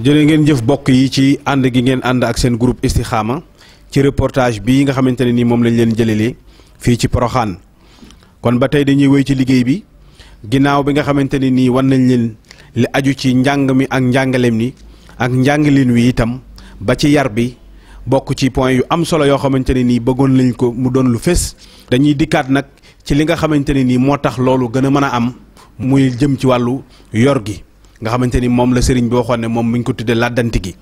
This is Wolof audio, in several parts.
jërë ngeen jëf bokk yi ci ànd gi ngeen ànd ak seen groupe Istikhama ci reportage bii nga xamante ne nii moom lañ leen jëlee fii ci Poroxaan kon ba tey dañuy wéy ci liggéey bi ginnaaw bi nga xamante ne nii wan nañ leen li aju ci njàng mi ak njàngaleem ni ak njàngaleen wi itam ba ci yar bi bokk ci point yu am solo yoo xamante ne nii bëggoon nañ ko mu doon lu fés. dañuy dikkaat nag ci li nga xamante ne nii moo tax loolu gën a mën a am muy jëm ci wàllu yor gi. nga xamante ni moom la sëriñ bi waxoon ne moom mi ngi ko tuddee làddanti gi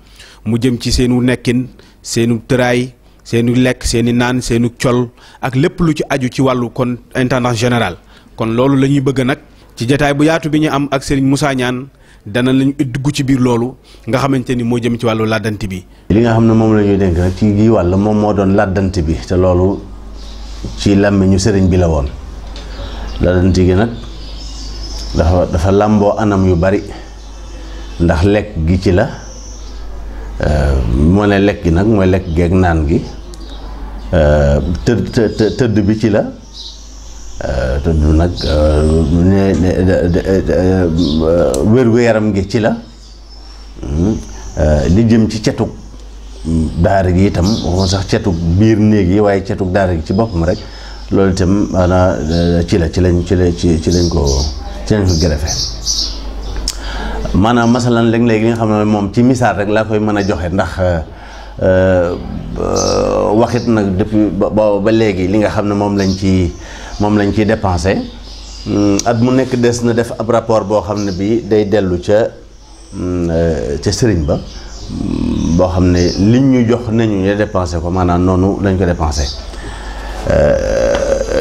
mu jëm ci seenu nekkin seenu tëraay seenu lekk seeni naan seenu col ak lépp lu ci aju ci wàllu kon intendance générale kon loolu la ñuy bëgg nag ci jataay bu yaatu bi ñu am ak sëriñ Moussa Niane dana lañu dugg ci biir loolu nga xamante ni moo jëm ci wàllu làddanti bi. li xam ne moom la ñuy dénk ci gii wàll moom moo doon làddanti bi te loolu ci làmmiñu sëriñ bi la woon làddanti gi nag dafa dafa làmboo anam yu bari. ndax lekk gi ci la moo ne lekk gi nag mooy lekk geeg naan gi tëdd tëdd bi ci la tëdd bi nag ne wér-gu-yaram gi ci la hmm, li jëm ci cetug daara gi itam waxuma sax cetug biir néeg yi waaye cetug daara gi ci boppam rek loolu itam ana ci la ci lañ ci ci lañ ci lañ ko greffé maanaam masalan léeg léegi li nga xam ne moom ci misaal rek laa koy mën a joxe ndax euh, euh, waxit nag depuis booba ba léegi li nga xam ne moom lañ ci moom lañ ciy dépensé hmm, at mu nekk des na def ab rapport boo xam ne bi day dellu ca hmm, euh, ca sëriñ ba hmm, boo xam ne liñ ñu jox nañu ñu dépensé ko maanaam noonu lañ ko dépensé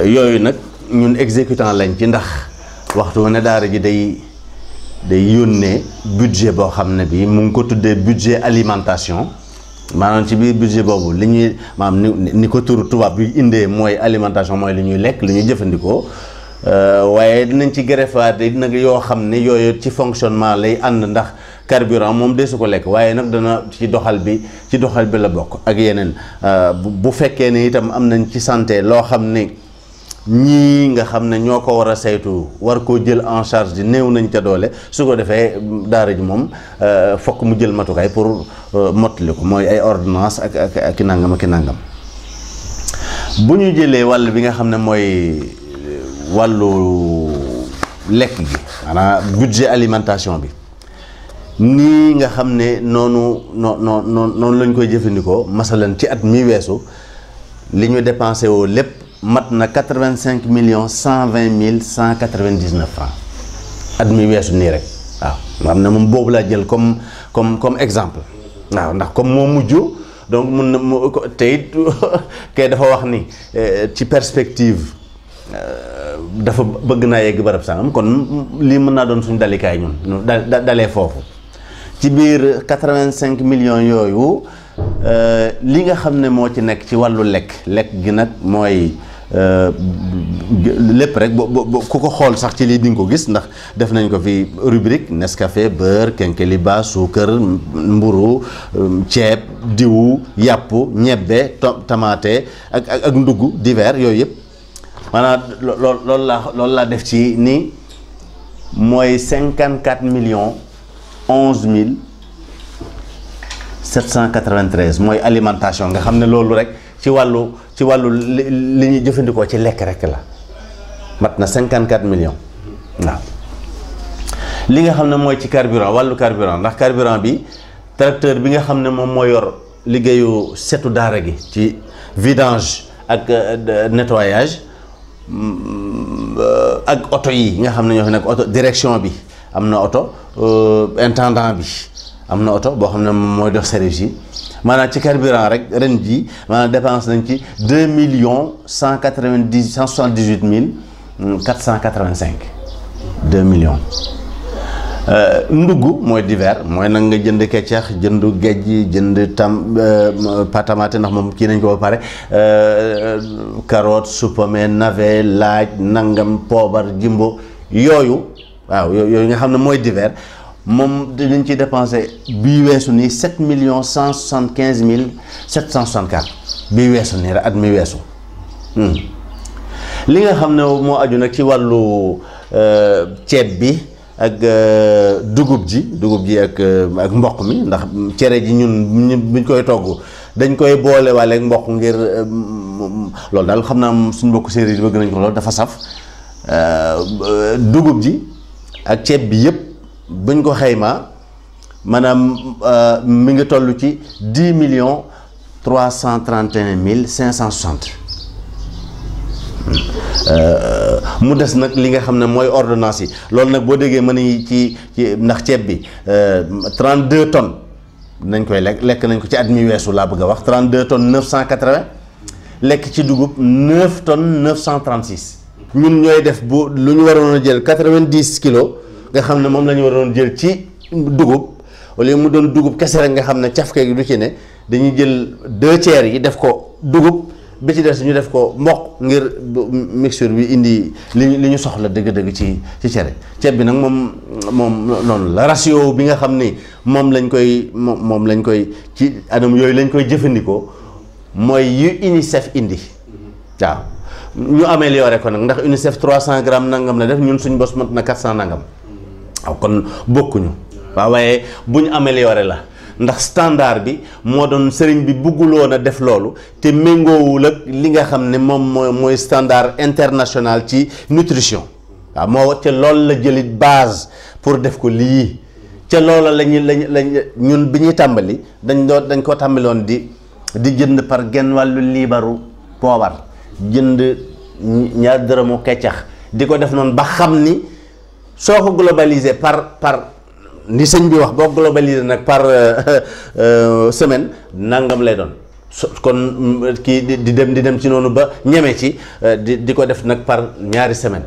yooyu nag ñun exécutant lañ ci ndax waxtu wu daara ji day day yónnee budget boo xam ne bii mu ngi ko tuddee budget alimentation maanaam ci biir budget boobu li ñuy maam ni ni ko tur tubaab bi indee mooy alimentation mooy li ñuy lekk li ñuy jëfandikoo euh, waaye dinañ ci greffaat nag yoo xam ne yooyu ci fonctionnement lay ànd ndax carburant moom dee su ko lekk waaye nag dana ci doxal bi ci doxal bi la bokk ak yeneen euh, bu fekkee ne itam am nañ ci sante loo xam ne ñii nga xam ne ñoo ko war a saytu war koo jël en charge di néew nañ ca doole su ko defee daara ji moom euh, fokk mu jël matukaay pour euh, mottali ko mooy ay ordonnance ak ak ak ki nangam ak ki nangam bu ñu jëlee wàll bi nga xam ne mooy wàllu lekk gi maanaam budget alimentation bi nii nga xam ne noonu noo noo noonu lañ koy jëfandikoo masalan ci at mi weesu li ñu dépensé woo lépp mat na quatre-vingt-cinq millions cent vingt mille cent quatre-vingt-dix-neuf francs at mi weesu nii rek waaw nga xam ne moom boobu laa jël comme comme comme exemple waaw ndax comme moo mujj donc mun na mu te kay dafa wax ni eh, ci perspective eh, dafa bëgg naa yegg barab sangam kon lii mën naa doon suñ dalikaay ñun da dalee foofu ci biir quatre cinq millions yooyu eh, li nga xam ne moo ci nekk ci wàllu lekk lekk gi nag mooy Euh, lépp rek boo ku ko xool sax ci lii di ko gis ndax def nañ ko fi rubrique Nescafé beurre kenkeliba suukar mburu euh, ceeb diwu yàpp ñebbe tamaate ak ak ndugg divers yooyu yëpp maanaam lool loolu laa loolu laa def ci ni mooy cinquante quatre millions onze mille sept cent quatre-vingt-treize mooy alimentation nga xam ne loolu rek ci wàllu ci wàllu li ñuy jëfandikoo ci lekk rek la mat na 54 millions waaw li nga xam ne mooy ci carburant wàllu carburant ndax carburant bi tracteur bi nga xam ne moom moo yor liggéeyu setu daara gi ci vidange ak euh, nettoyage mm, euh, ak oto yi nga xam ne ñoo fi nekk oto direction bi am na oto euh, intendant bi am na oto boo xam ne moom mooy dox service yi maanaam ci carburant rek ren jii maanaam dépense nañ ci deux millions cent hmm, quatre vingt dix cent soixante dix huit cent quatre vingt cinq deux millions. Euh, ndugg mooy divers mooy nag nga jënd keccax jëndu géej gi jënd tam euh, patamate ndax moom kii nañ ko ba pare euh, carotte supame navet laaj nangam poobar jimbo yooyu waaw yooyu nga xam ne mooy divers moom dañ ci dépensé bii weesu nii sept million cent cent quinze mille sept cent soixante bi weesu nii rek at mi weesu hmm. li nga xam ne moo aju nag ci wàllu euh, ceeb bi ak euh, dugub ji dugub ji euh, ak mboq mi ndax cere ji ñun buñ koy togg dañ koy boole waale mboq ngir loolu daal xam naa suñ mbokk séeréer yi bëgg nañ ko loolu dafa saf dugub ji ak ceeb bi yëpp. buñ ko xaymaa maanaam euh, mi ngi toll ci dix million trois cent trente et un mille cinq cent soixante euh, mu des nag li nga xam ne mooy ordonance yi loolu nag boo déggee mën nañu ci ci ndax ceeb bi euh, trente deux tonnes nañ koy lekk lekk nañ ko ci at mi weesu laa bëgg a wax trente deux tonnes neuf cent quatre vingt lekk ci dugub neuf tonnes neuf cent trente six ñun ñooy def bu lu ñu waroon a jël quatre vingt dix kilos. nga xam ne moom la ñu waroon jël ci dugub wala mu doon dugub kese rek nga xam ne cafke gi du ci ne dañu jël deux tiers yi def ko dugub bi ci des ñu def ko mboq ngir mixture bi indi li li ñu soxla dëgg-dëgg ci ci cere ceeb bi nag moom moom noonu la bi nga xam ni moom lañ koy moom moom lañ koy ci anam yooyu lañ koy jëfandikoo mooy yu UNICEF indi waaw ñu amélioré ko nag ndax UNICEF 300 grammes nangam la def ñun suñ bos mat na 400 nangam. waaw kon bokkuñu waaw waaye bu ñu amélioré la ndax standard bi moo doon sëriñ bi bugguloon a def loolu te méngoowul ak li nga xam ne moom mooy mooy standard international ci nutrition waaw moo te loolu la jëlit base pour def ko lii ca loola lañu lañ lañ ñun bi ñuy tàmbali dañ doo dañ ko tàmbaloon di di jënd par genn wàllu liibaru poobar jënd ñaar dërëmu keccax di ko def noonu ba xam ni soo ko globalisé par par ni sëñ bi wax boo globalisé nag par euh, euh, euh, semaine nangam lay doon so kon mm, kii di dem di dem ci noonu ba ñeme ci di di ko def nag par ñaari semaine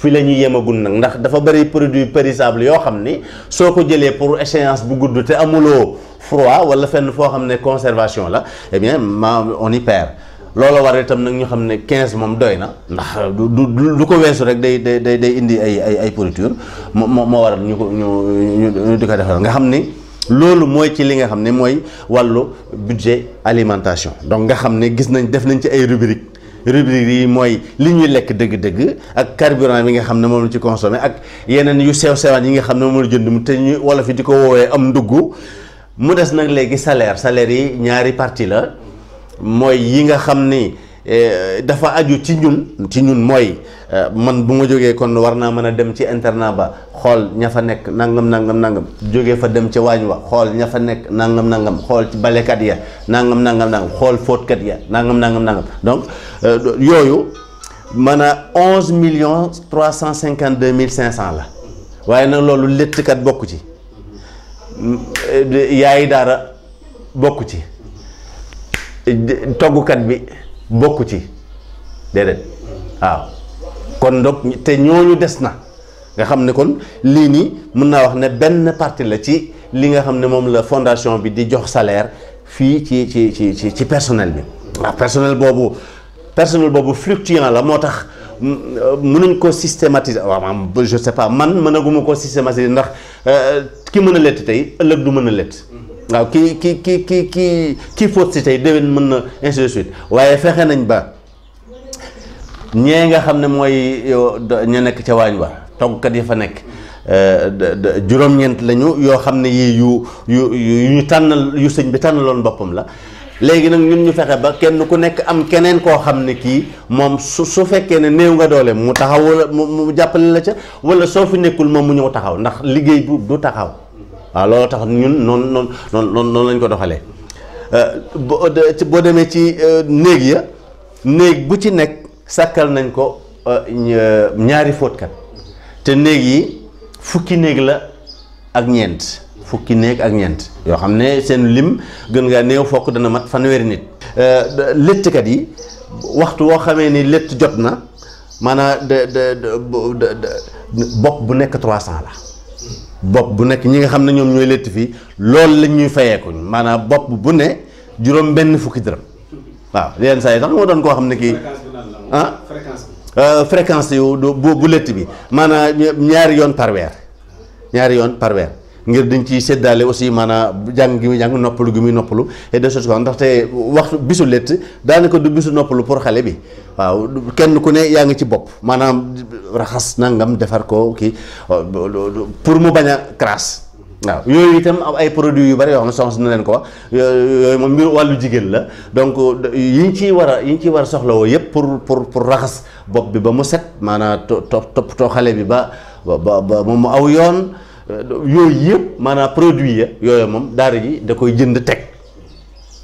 fi la ñuy yemagul nag ndax dafa bëri produit périssable yoo xam ni soo ko jëlee pour échéance bu gudd te amuloo froid walla fenn foo xam ne conservation la eh bien ma on y perd loolu war itam nag ñu xam ne 15 moom doy na ndax du du du ko weesu rek day day day day indi ay ay ay pourriture moo moo waral ñu ko ñu di ko defal nga xam ni loolu mooy ci li nga xam ne mooy wàllu budget alimentation donc nga xam ne gis nañ def nañ ci ay rubrique rubrique yi mooy li ñuy lekk dëgg-dëgg ak carburant bi nga xam ne moom la ci consommé ak yeneen yu sew sewaan yi nga xam ne moom la jënd mu te ñu wala fi di ko woowee am ndugg mu des nag léegi salaire salaire yi ñaari partie la mooy yi nga xam ni eh, dafa aju ci ñun ci ñun mooy eh, man bu ma jógee kon war naa mën a dem ci internat ba xool ña fa nekk nangam nangam nangam jóge fa dem ci waañ wa xool ña fa nekk nangam nangam xool ci balekat ya nangam nangam nangam xool fóotkat ya nangam nangam nangam donc eh, yooyu man a onze millions trois cent cinquante deux mille cinq cent la waaye nag loolu léttkat bokku ci yaayi daara bokku ci toggukat bi bokku ci déedéet waaw kon donc te ñooñu des na nga xam ne kon lii nii mën naa wax ne benn partie la ci li nga xam ne moom la fondation bi di jox salaire fii ci ci ci ci ci personnel bi waaw personnel boobu personnel boobu fluctuant la moo tax euh, mënuñ ko systématiser waaw je sais pas man mënaguma ko systématiser ndax euh, ki mën a lett tey ëllëg du mën a lett waaw kii kii kii kii kii kii fóot si tey déwén mën na ainsi waaye fexe nañ ba ñee nga xam ne mooy ñu nekk ca waañ wa toggkat yi fa nekk eh, juróom-ñeent lañu yoo xam ne yii yu yu yu ñu tànnal yu sëñ bi tànnaloon boppam la léegi nag ñun ñu fexe ba kenn ku nekk am keneen koo xam ne kii moom su su fekkee ne néew nga doole mu taxaw wala mu jàppale la ca wala soo fi nekkul moom mu ñëw taxaw ndax liggéey bu du taxaw waaw loolu tax ñun noonu noonu noonu noonu lañ ko doxalee euh, boo demee ci euh, néeg ya néeg bu ci nekk sàkkal nañ ko euh, ñaari fóotkat te néeg yi fukki néeg la ak ñeent fukki néeg ak ñeent yoo xam ne seen lim gën ngaa néew fokk dana mat fanweeri nit léttkat yi waxtu woo xamee ni létt jot na maanaam de de bopp bu nekk trois cent la bopp bu nekk ñi nga xam ne ñoom ñooy létt fii loolu la ñuy fayeeku maanaam bopp bu ne juróom benn fukki dërëm waaw yenn saa yi tax moo doon koo xam ne kii ah fréquence euh, yu bu bu létt bi maanaam ñaari yoon parweer ñaari yoon par weer ngir dañ ciy séddaale aussi maanaam jàng gi muy jàng noppalu gi muy noppalu et de choses ndaxte waxtu bisu létt daanaka du bisu noppalu pour xale bi waaw kenn ku ne yaa ngi ci bopp maanaam raxas nangam defar ko kii pour mu bañ a crasse waaw yooyu itam ay produits yu bari yoo xam na leen ko yooyu moom mbir wàllu jigéen la donc yi ñu ciy war a yi war a soxlawoo yëpp pour pour pour raxas bopp bi ba mu set maanaa to toppatoo xale bi ba ba ba mu aw yoon yooyu yëpp maanaa produits ya yooyu moom daara ji da koy jënd teg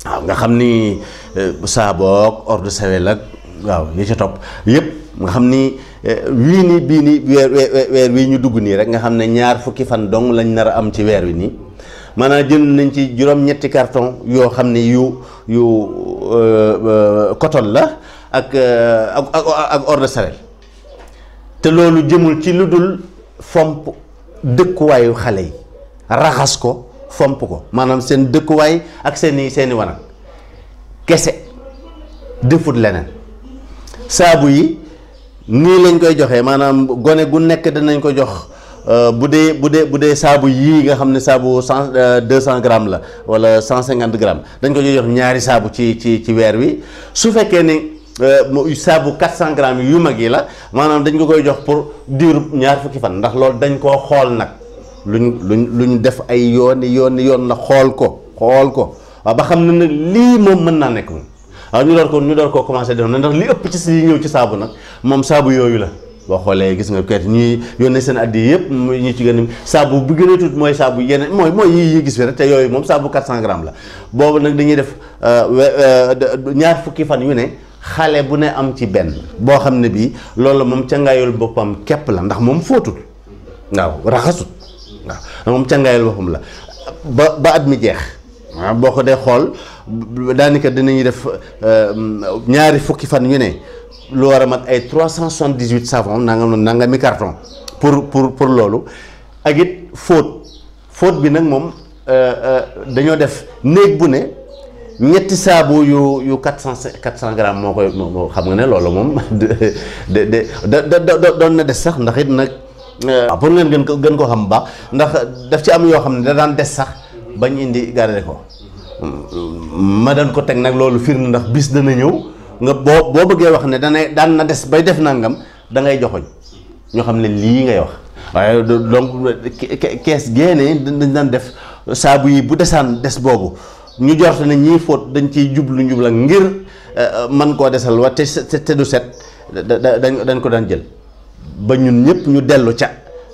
waaw nga xam ni eh, saaboog ordre de sawel ak waaw yi ci topp yëpp nga xam ni eh, wii nii bii nii weer weer wii ñu dugg nii rek nga xam ne ñaar fukki fan dong lañ nar a am ci weer wi nii maanaam jënd nañ ci juróom-ñetti carton yoo xam ne yu yu euh, euh, coton la ak euh, ak te loolu jëmul ci lu dul fomp dëkkuwaayu xale yi raxas ko fomp ko maanaam seen dëkkuwaay ak seeni seeni wanag kese defut leneen saabu yi nii lañ koy joxee maanaam gone gu nekk danañ ko jox euh, bu dee bu dee bu dee saabu yii nga xam ne saabu cent euh, deux cent grammes la wala cent cinquante gramme dañ ko jox ñaari saabu ci ci ci weer wi su fekkee ni euh, saabu quatre cent gramme yu mag yi la maanaam dañ ko koy jox pour diirub ñaar fukki fan ndax loolu dañ koo xool nag lu luñ lu ñu def ay yoon yoon yoon la xool ko xool ko waaw ba xam ne nag lii moom mën naa nekk moom waaw ñu door ko ñu door ko commencé def na ndax li ëpp ci si ñëw ci saabu nag moom saabu yooyu la boo xoolee gis nga kat ñuy yónnee seen addi yëpp ñi ci gën a saabu bu gën a tuut mooy saabu yeneen mooy mooy yi yi gis fi rek te yooyu moom saabu 400 grammes la boobu nag dañuy def euh, euh, ñaar fukki fan yu ne xale bu ne am ci benn boo xam ne bii loolu moom cangaayul boppam képp la ndax moom fóotul waaw raxasut waaw moom cangaayul boppam la ba ba at mi jeex maanaam boo ko dee xool daanaka dinañuy def euh, ñaari fukki fan yu ne lu war a mat ay trois cent soixante dix huit savon nangam nangami carton pour pour pour loolu ak it fóot fóot bi nag moom euh, euh, dañoo def néeg bu ne ñetti saabu yu yu quatre cent quatre cent grammes moo koy moo xam nga ne loolu moom de de de doon na des sax ndax it nag. waaw pour leen gën ko gën ko xam bu baax ndax daf ci am yoo xam ne da daan des sax. bañ indi garder ko ma daan ko teg nag loolu fir firnde ndax bis dana ñëw nga boo boo bëggee wax ne danay daan na des bay def nangam da ngay joxoñ ñoo xam ne lii ngay wax waaye donc kees génne dañ daan def saabu yi bu desaan des boobu ñu jorte ne ñii fóot dañ ciy jublu njubla ngir eh, man koo desal wa te te du set dañ dañ ko daan jël ba ñun ñëpp ñu dellu ca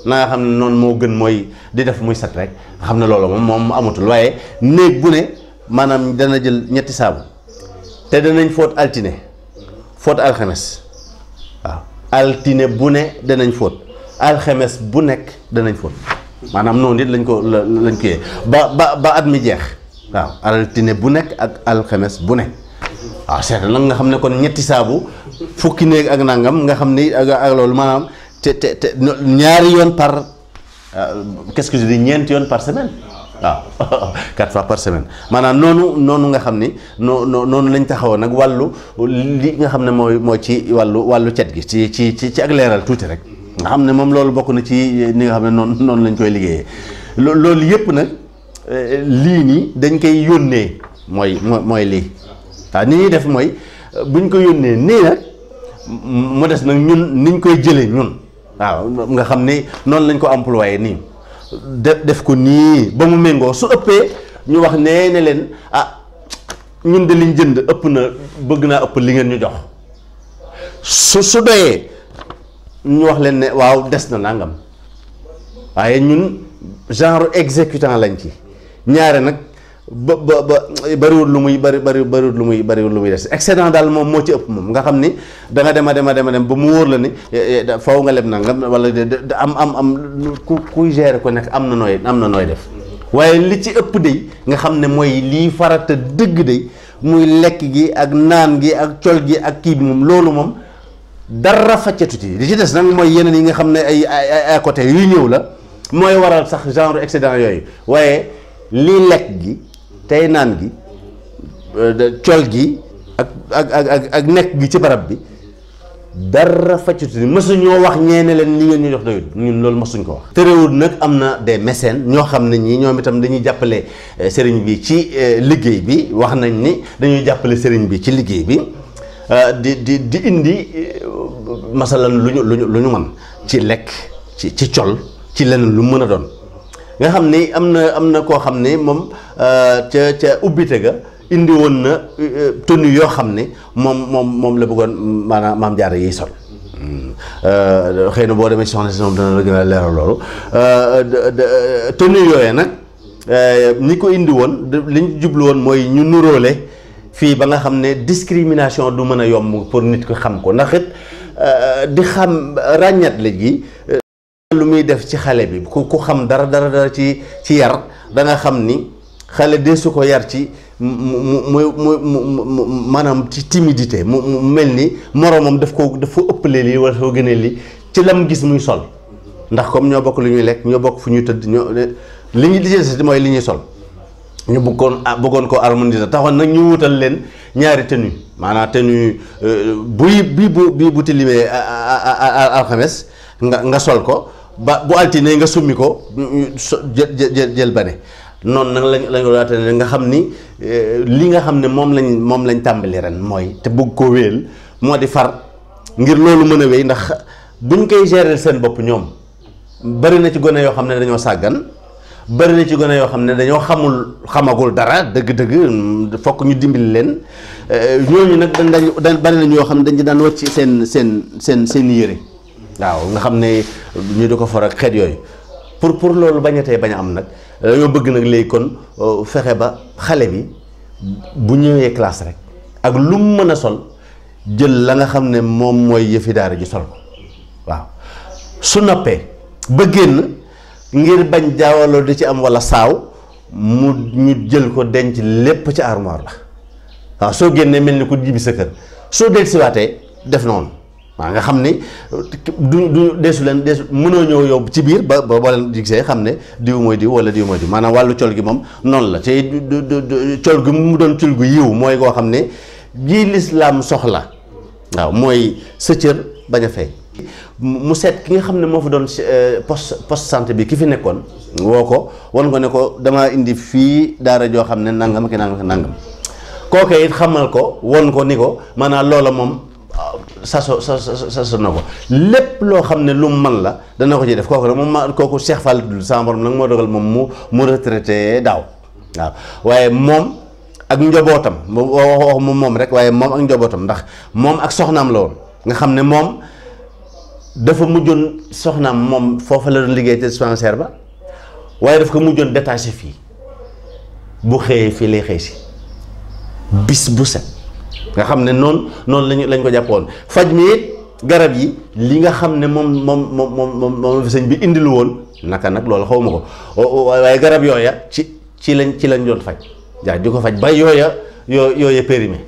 na nga xam ne noonu moo gën mooy di def muy set rek xam ne loolu moom moom amatul waaye néeg bu ne maanaam dana jël ñetti saabu te danañ fóot altine fóot alxames waaw altine bu ne danañ fóot alxames bu nekk danañ fóot maanaam noonu it lañ ko lañ ba ba ba at mi jeex waaw altine bu nekk ak alxames bu nekk waaw seet nag nga xam ne kon ñetti saabu fukki néeg ak nangam nga xam ne ak loolu maanaam te te te ñaari yoon par euh, qu'est-ce que je dis ñeenti yoon par semaine waaw ah. ah, quatre fois par semaine maanaam noonu noonu nga xam ni noo noonu lañ taxawoon nag wàllu lii nga xam ne mooy moo ci wàllu wàllu cet gi ci ci ci ak leeral tuuti rek nga xam ne moom loolu bokk na ci ni nga xam ne noonu noonu lañ koy liggéeyee loolu yëpp nag euh, lii nii dañ koy yónnee mooy mooy lii waaw ni ñuy def mooy buñ ko yónnee nii nag mu des nag ñun niñ koy jëlee ñun waaw nga xam ni noonu lañ ko employé nii def def ko nii ba mu méngoo su ëppee ñu wax nee ne leen ah ñun de liñ jënd ëpp na bëgg naa ëpp li ngeen ñu jox su su doyee ñu wax leen ne waaw des na nangam waaye ñun genre exécutant lañ ci ñaare nag. ba ba ba bëriwul lu muy bëri bëri bëriwul lu muy bëriwul lu muy des excédent daal moom moo ci ëpp moom nga xam ni da dem a dem a dem ba mu wóor la ni eh, eh, faw nga leb nangam wala da am am am ku kuy gérer ko nekk am na nooy am na nooy def waaye li ci ëpp day nga xam ne mooy lii farata dëgg day muy lekk gi ak naan gi ak col gi ak kii bi moom loolu moom dara faccatu ci li ci des nag mooy yeneen yi nga xam ne ay ay côté yuy ñëw la mooy waral sax genre excédent yooyu waaye lii lekk gi. tey naan gi euh, col gi ak ak ak ak nekk gi ci barab bi dara faccatu ni mësuñoo wax ñeene leen li ngeen ñu jox doyut ñun loolu mësuñ ko wax terewul nag am na des mécènes ñoo xam ne ñi ñoom itam dañuy jàppale euh, sëriñ bi ci euh, liggéey bi wax nañ ni dañuy jàppale sëriñ bi ci liggéey bi di di di indi masalan lu ñu lu ñu lu ñu mën ci lekk ci ci col ci leneen lu mën a doon nga xam ni am na am na koo xam ne moom euh, ca ca ubbite ga indi woon na euh, tenue yoo xam ne moom moom moom la bëggoon maanaam maam jaara yiy sol mm. euh, xëy na boo demee soxna si moom dana la gën a leeral loolu tenue yooyee nag ñi ko indi woon li ñu jublu woon mooy ñu nuroole fii ba nga xam ne discrimination du mën a yomb pour nit ko xam ko ndax it di xam ràññat la gi lu muy def ci xale bi ku ku xam dara dara dara ci ci yar da nga xam ni xale de su ko yar ci mu mu mu maanaam ci timidité mu mel ni moromam daf ko daf ko ëppalee lii wala soo gënee lii ci lam gis muy sol ndax comme ñoo bokk lu ñuy lekk ñoo bokk fu ñuy tëdd ñu li ñuy lijjanti mooy li ñuy sol ñu bëggoon ah, bëggoon ko harmoniser taxoon nag ñu wutal leen ñaari tenue maanaam tenue euh, buy bi bu bii bu tilimee alxames nga nga sol ko ba bu altine nga summi ko euh, jël jël bane noonu nag lañ lañ waatee nga xam ni euh, li nga xam ne moom lañ moom lañ tàmbali ren mooy te bugg ko wéel moo di far ngir loolu mën a wéy ndax buñ koy gérer seen bopp ñoom bari na ci gone yoo xam ne dañoo sàggan bari na ci gone yoo xam ne dañoo xamul xamagul dara dëgg-dëgg fokk ñu dimbali leen euh, ñooñu nag dañ dañ bari na ñoo xam ne dañ daan wàcc seen seen seen seen yére. waaw nga xam ne ñu di ko for ak xeet yooyu pour pour loolu bañ a tey bañ am nag dañoo bëgg nag léegi kon euh, fexe ba xale bi bu ñëwee classe rek ak lu mu mën a sol jël la nga xam ne moom mooy yëfi daara ji sol ko waaw su nappee ba génn ngir bañ jaawaloo di ci am walla saaw mu ñu jël ko denc lépp ci armoire la waaw soo génnee mel ni ko jibi sa kër soo dellusiwaatee def noonu. waaw nga xam ni du du deesu leen deesu mënoo ñëw yow ci biir ba ba boo leen gisee xam ne diw mooy diw wala diw mooy diw maanaa wàllu col gi moom noonu la te col gi mu doon col gu yiw mooy koo xam ne jii lislaam soxla waaw mooy sa cër bañ a fay mu set ki nga xam ne moo fa doon euh, poste poste santé bi ki fi nekkoon woo ko wan ko ne ko damaa indi fii daara joo xam ne nangam ki nanga ki nangam it xamal ko won ko ni ko maanaam loola moom saso saso na ko lépp loo xam ne lu man la dana ko ci def kooku nag moom ma kooku Cheikh Fall dul sama borom nag moo dogal moom mu mu retraité daaw waaye moom ak njobootam wax mu moom rek waaye moom ak njobootam ndax moom ak soxnaam la woon nga xam ne moom dafa mujjoon soxnaam moom foofu la doon liggéey te dispensaire ba waaye daf ko mujjoon détaché fii bu xëyee fii lay xëy si bis bu set nga xam ne noonu noonu lañ lañ ko jàppoon faj mi it garab yi li nga xam ne moom moom moom moom moom sëñ bi indilu woon naka nag loolu xaw ma ko waaye garab yooya ci ci lañ ci lañ doon faj jaa di ko faj ba yooya yoo yooya périmé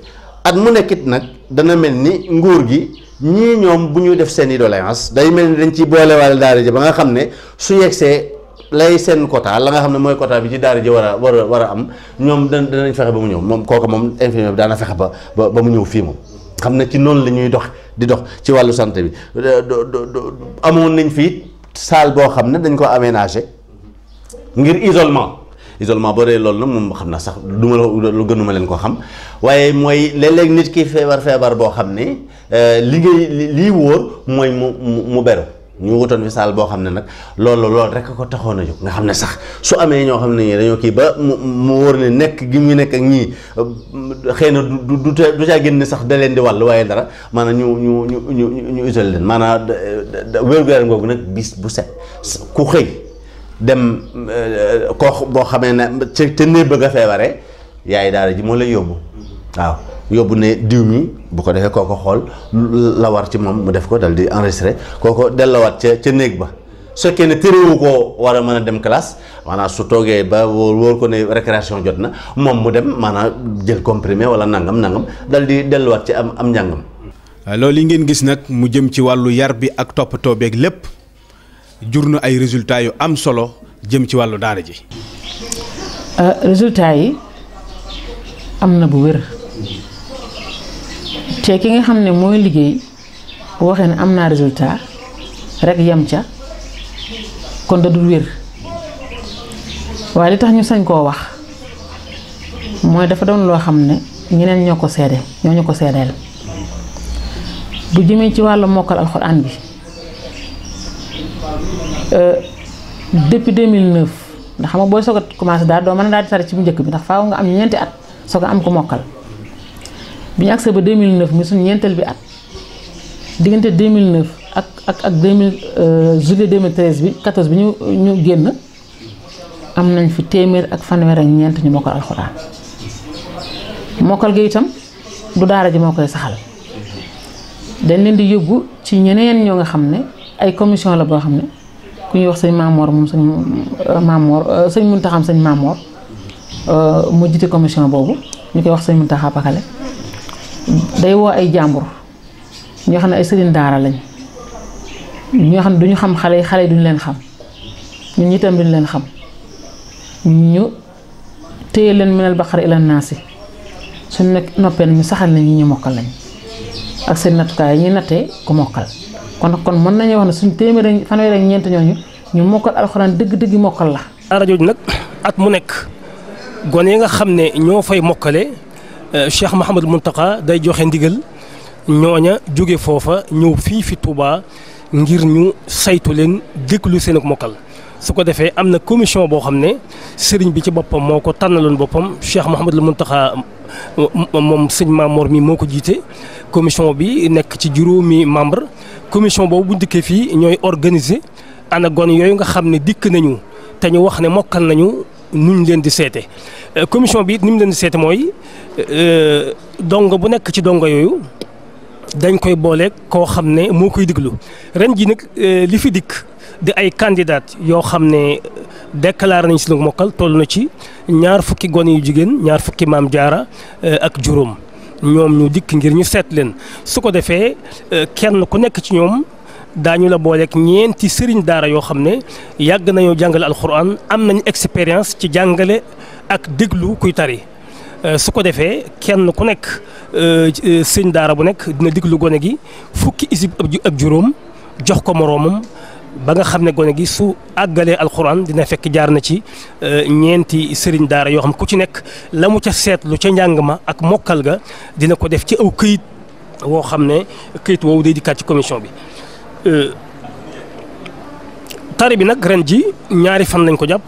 at mu nekkit nag dana mel ni nguur gi ñii ñoom bu ñu def seen i doléance day mel ni dañ ci boolewaale daara ji ba nga xam ne su yegsee lay seen quota la nga xam ne mooy quota bi ci daara ji war a war a war a am ñoom da danañ fexe ba mu ñëw moom kooku moom infirmier bi daana fexe ba ba mu ñëw fii moom xam ne ci noonu la ñuy dox di dox ci wàllu santé bi amoon nañ fii salle boo xam ne dañ ko aménagé ngir isolement isolement boo dee loolu nag moom xam naa sax du ma lu gënuma leen ko xam waaye mooy léeg-léeg nit ki feebar feebar boo xam ne euh, li ngay lii wóor mooy mu mu beru ñu wutoon fi saal boo xam ne nag loolu loolu rek ko taxoon a jóg nga xam ne sax su amee ñoo xam ne ñii dañoo kii ba mu mu wóor ne nekk gi mu nekk ak ñii xëy na du du du caa génn sax da di wàll waaye dara man a ñu ñu ñu ñu ñu isolé leen maanaam wér-gu-yaram googu nag bis bu set ku xëy dem euh, koo boo xamee ne ca ca néeg bëgg a feebaree yaay daara ji moo lay yóbbu waaw. yóbbu ne diw mi bu ko defee kooko xool la war ci moom mu def ko dal di enregistré kooko dellawaat ca ca néeg ba su fekkee ne téréwu koo war a mën a dem classe maanaam su toogee ba wóor ko ne récréation jot na moom mu dem maanaam jël comprimé wala nangam nangam dal di delluwaat ci am am njàngam. Euh, loolu yi ngeen gis nag mu jëm ci wàllu yar bi ak toppatoo beeg lépp jur na ay résultats yu am solo jëm ci wàllu daara ji. Euh, résultats yi am na bu wér. te ki nga xam ne mooy liggéey bu waxee ne am naa résultat rek yem ca kon da dul wér waaye li tax ñu sañ koo wax mooy dafa doon loo xam ne ñeneen ñoo ko seede ñoo ñu ko seedeel bu jëmee ci wàllu mokkal alxuraan bi euh, depuis 2009 ndax xam nga booy soog a commencé daal doo mën a daal di sare ci bu njëkk bi ndax faaw nga am ñu ñeenti at soo a am ko mokkal bi ñu accès ba 2009 muy suñu ñeenteel bi at diggante 2009 ak ak ak 2000 euh, juillet 2013 bi 14 bi ñu ñu génn am nañ fi téeméer ak fanweer ñeent ñu mokkal alxuraan mokkal gi itam du daara ji moo koy saxal dañ leen di yóbbu ci ñeneen ñoo nga xam ne ay commission la boo xam ne ku ñuy wax sëñ Mamor moom sëñ euh, Mamor euh, sëñ Muntaxam sëñ Mamor moo jiite commission boobu ñu koy wax sëñ Muntaxa Pakale day woo ay jàmbur ñoo xam ne ay sëriñ daara lañ ñoo xam ne duñu xam xale yi xale yi duñu leen xam ñu itam duñu leen xam ñu téye leen ba minal baqara naa si suñ nekk noppee ñu saxal na ñi ñu mokkal lañ ak seen nattukaay yi ñuy nattee ku mokkal kon kon mën nañu wax ne suñ téeméer ak fanweer ak ñeent ñooñu ñu mokkal alxuraan dëgg-dëgg mokkal la. daara jooju nag at mu nekk gone yi nga xam ne ñoo fay mokkale. Euh, Cheikh Mouhamadul Mountakha day joxe ndigal ñooña jóge foofa ñëw fii fi Touba ngir ñu saytu leen déglu seen ak mokkal su ko defee am na commission boo xam ne sëriñ bi ci boppam moo ko tànnaloon boppam Cheikh Mouhamadul Mountakha moom sëñ Mamor mi moo ko jiite commission bi nekk ci juróomi membre commission boobu bu dikkee fii ñooy organiser ana gon yooyu nga xam ne dikk nañu te ñu wax ne mokkal nañu. nuñ leen di seete euh, commission bi it ni mu leen di seete mooy euh, dongo bu nekk ci dongo yooyu dañ koy boole koo xam ne moo koy diglu ren ji nag euh, li fi dikk di ay candidat yoo xam ne déclaré nañ si nag mokkal toll na ci ñaar fukki gone yu jigéen ñaar fukki maam jaara ak juróom ñoom ñu dikk ngir ñu seet leen su ko defee kenn ku nekk ci ñoom daañu la booleek ñeenti sëriñ daara yoo xam ne yàgg nañoo jàngale alxuraan am nañ expérience ci jàngale ak déglu kuy tari euh, su ko defee kenn ku nekk euh, euh, sëriñ daara bu nekk dina déglu gone gi fukki isib ak juróom jox ko moroomam ba nga xam ne gone gi su àggalee alxuraan dina fekk jaar na ci ñeenti sëriñ daara yoo xam ne ku ci nekk la mu ca seetlu ca njàng ak mokkal ga dina ko def ci aw këyit woo xam ne këyit woowu day dikkaat ci commission bi Euh, tare bi nag ren ji ñaari fan lañ ko jàpp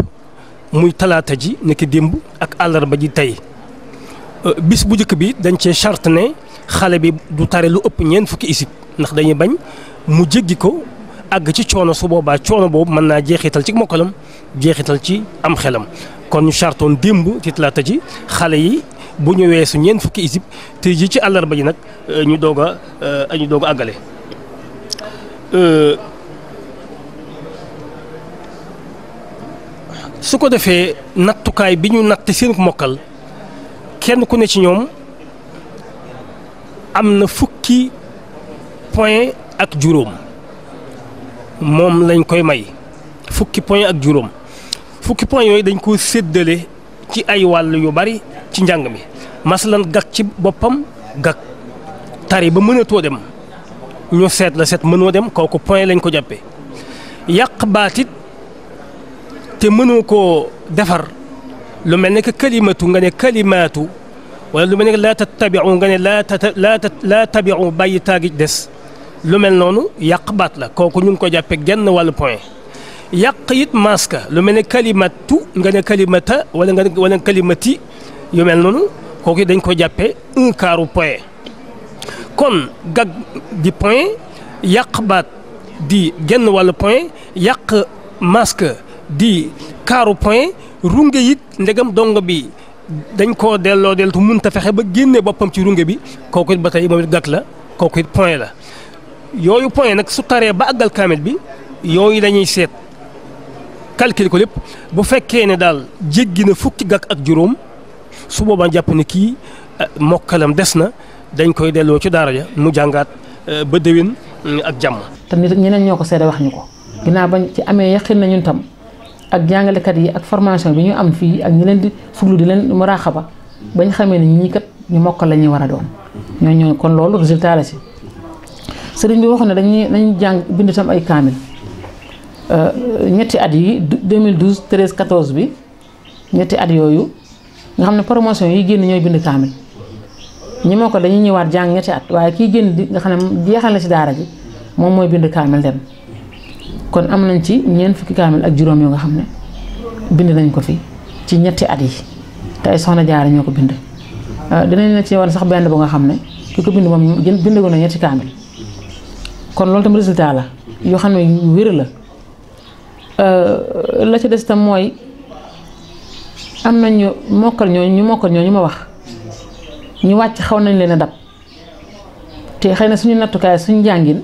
muy talaata ji nekki démb ak àllarba ji tey euh, bis bu njëkk bi dañ cee charte ne xale bi du tare lu ëpp ñeent fukki isib ndax dañuy bañ mu jéggi ko àgg ci coono su boobaa coono boobu mën naa jeexital ci mokkalam jeexital ci am xelam kon ñu chartoon démb ci talaata ji xale yi bu ñu weesu ñeent fukki isib te ji ci àllarba ji nag euh, ñu doog a ñu doog àggale. Euh, su ko defee nattukaay bi ñu natt seen mokkal kenn ku ne ci ñoom am na fukki point ak juróom moom lañ koy may fukki point ak juróom fukki point yooyu dañ ko séddale ci ay wàll yu bari ci njàng mi masalan gag ci boppam gag tari ba mënatoo dem ñu seet la seet mënoo dem kooku point lañ ko jàppe yàq baatit te mënoo ko defar lu mel ne que kalimatu nga ne kalimaatu wala lu mel ne que laa tattabiu nga ne laa laa laa tabiu bàyyi taagi des lu mel noonu yàq baat la kooku ñu ngi ko jàppee genn wàllu point yàq it maska lu mel ne kalimatu nga ne kalimata wala nga wala kalimati yu mel noonu kooku dañ ko jàppee un quart point. kon gag di point yàq baat di genn walla point yàq masque di kaaru point runge yit ndegam dongo bi dañ koo delloo del tu mënta fexe ba génne boppam ci runge bi kooku it ba tey moom it gag la kooku it point la yooyu point nag su taree ba àggal kaamil bi yooyu dañuy seet calcul ko lépp bu fekkee ne daal jéggi na fukki gag ak juróom su boobaa jàpp ne kii eh, mokkalam des na dañ koy delloo ci daara ja mu jàngaat euh, ba déwén mm, ak jàmm. te nit ñeneen ñoo ko seede wax ñu ko ginnaaw bañ ci amee yaqin nañu ñun tam ak jàngalekat yi ak formation bi ñu am fii ak ñi leen di fuglu di leen muraaxaba bañ xamee ne ñii kat ñu mokkal la ñuy war a doom ñooy ñooñu kon loolu résultat la si sëriñ bi wax ne dañuy dañuy jàng bind tam ay kaamil euh, ñetti at yi du 2012 13 14 bi ñetti at yooyu nga xam ne promotion yi génn ñooy bind kaamil. ñi moo ko dañuy ñëwaat jàng ñetti at waaye kii génn di nga xam ne jeexal na ci daara ji moom mooy bind kaamil dem kon am nañ ci ñeent fukki kaamil ak juróom yoo nga xam ne bind nañ ko fi ci ñetti at yi te ay soxna jaara ñoo ko bind euh, dinañ la ci wan sax benn bu nga xam ne ki ko bind moom bind ko na ñetti kaamil kon loolu tam résultat la yoo xam ne yu wér la euh, la ci des tam mooy am nañ ñu mokkal ñooñu ñu ñoo ñu ma wax ñu wàcc xaw nañ leen a dab te xëy na suñu nattukaay suñu njàngin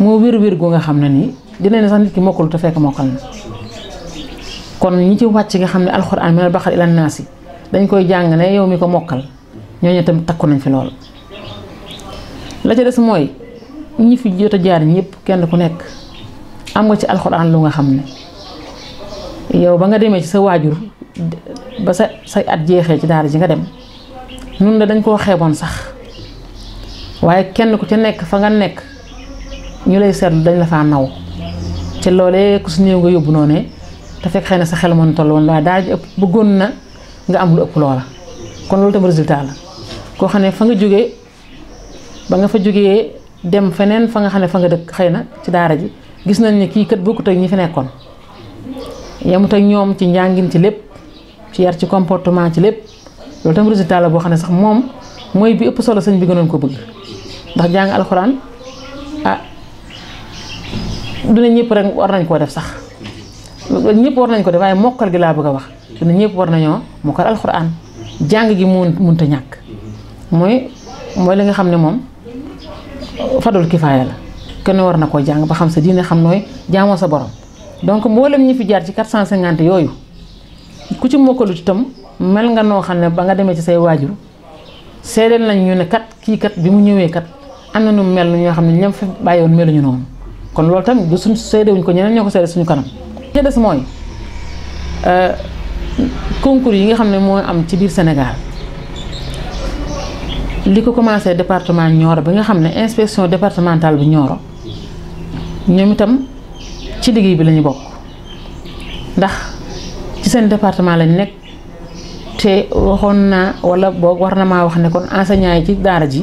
moo wér wér gu nga xam ne nii dina ne sax nit ki mokkul te fekk mokkal na kon ñi ci wàcc nga xam ne alxuraan minal baqara ilan naasi dañ koy jàng ne yow mi ko mokkal ñoo itam takku nañ fi lool la ca des mooy ñi fi jot a jaar ñëpp kenn ku nekk am nga ci alxuraan lu nga xam ne yow ba nga demee ci sa waajur ba sa say at jeexee ci daara ji nga dem ñun de dañ koo xeeboon sax waaye kenn ku ca nekk fa nga nekk ñu lay seetlu dañ la faa naw ci loolee ku su ñëw nga yóbbu noonu te fekk xëy na sa xel moon toll woon waaye daa ëpp bëggoon na nga am lu ëpp loola kon loolu tam résultat la koo xam ne fa nga jóge ba nga fa jógee dem feneen fa nga xam ne fa nga dëkk xëy na ci daara ji gis nañ ne kii kat bokkut te ñi fi nekkoon yemut ak ñoom ci njàngin ci lépp ci yar ci comportement ci lépp loolu tam résultat la boo xam ne sax moom mooy bi ëpp solo sañ bi gënoon ko bëgg ndax jàng alxuraan ah du ne ñëpp rek war nañ koo def sax ñëpp war nañ ko def waaye mokkal gi laa bëgg a wax du ne ñëpp war nañoo mokkal alxuraan jàng gi mun munta ñàkk mooy mooy li nga xam ne moom fadul kifaaya la kenn war na koo jàng ba xam sa diine xam nooy jaamoo sa borom donc mboolem ñi fi jaar ci 450 yooyu ku ci mokkalu ci tam mel nga noo xam ne ba nga demee ci say waajur seedeel nañ ñu ne kat kii kat bi mu ñëwee kat am na nu mel ñoo xam ne ñam fi bàyyoon meluñu noonu kon loolu tamit du suñ seedewuñ ko ñeneen ñoo ko seede suñu kanam. li des mooy euh, concours yi nga xam ne mooy am ci biir Sénégal li ko commencé département Nioro bi nga xam ne inspection départementale bi ñooro ñoom itam ci liggéey bi lañu bokk ndax ci seen département lañ nekk. te waxoon naa wala boog war na maa wax ne kon enseignant yi ci daara ji